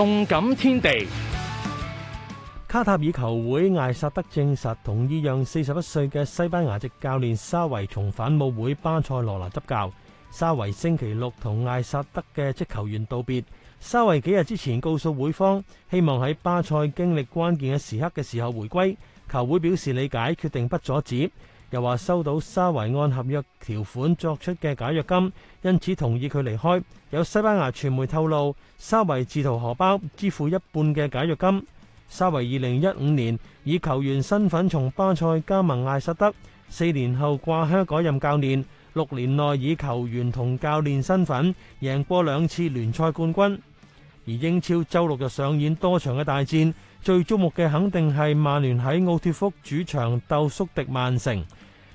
動感天地，卡塔爾球會艾薩德證實，同意讓四十一歲嘅西班牙籍教練沙維重返母會巴塞羅那執教。沙維星期六同艾薩德嘅職球員道別。沙維幾日之前告訴會方，希望喺巴塞經歷關鍵嘅時刻嘅時候回歸。球會表示理解，決定不阻止。又話收到沙維按合約條款作出嘅解約金，因此同意佢離開。有西班牙傳媒透露，沙維自掏荷包支付一半嘅解約金。沙維二零一五年以球員身份從巴塞加盟艾薩德，四年後掛靴改任教練，六年內以球員同教練身份贏過兩次聯賽冠軍。而英超週六又上演多場嘅大戰，最矚目嘅肯定係曼聯喺奧脫福主場鬥宿敵曼城。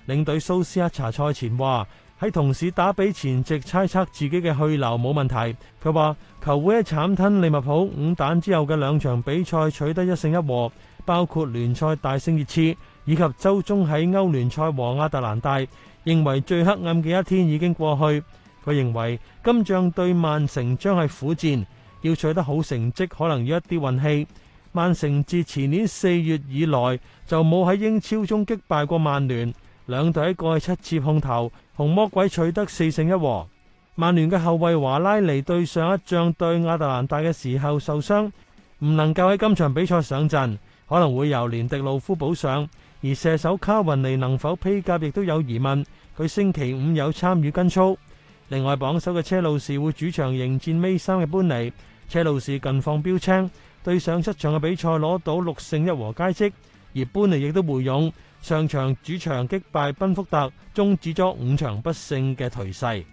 領隊蘇斯克查賽前話：喺同市打比前夕猜測自己嘅去留冇問題。佢話：球會喺慘吞利物浦五蛋之後嘅兩場比賽取得一勝一和，包括聯賽大勝熱刺以及周中喺歐聯賽和阿特蘭大。認為最黑暗嘅一天已經過去。佢認為今仗對曼城將係苦戰，要取得好成績可能要一啲運氣。曼城自前年四月以來就冇喺英超中擊敗過曼聯。兩隊喺過去七次碰頭，紅魔鬼取得四勝一和。曼聯嘅後衛華拉尼對上一仗對亞特蘭大嘅時候受傷，唔能夠喺今場比賽上陣，可能會由連迪路夫補上。而射手卡雲尼能否披甲亦都有疑問，佢星期五有參與跟操。另外，榜首嘅車路士會主場迎戰尾三嘅班尼。車路士近況標青，對上七場嘅比賽攞到六勝一和佳績。而班尼亦都回勇，上場主場擊敗賓福特，終止咗五場不勝嘅頹勢。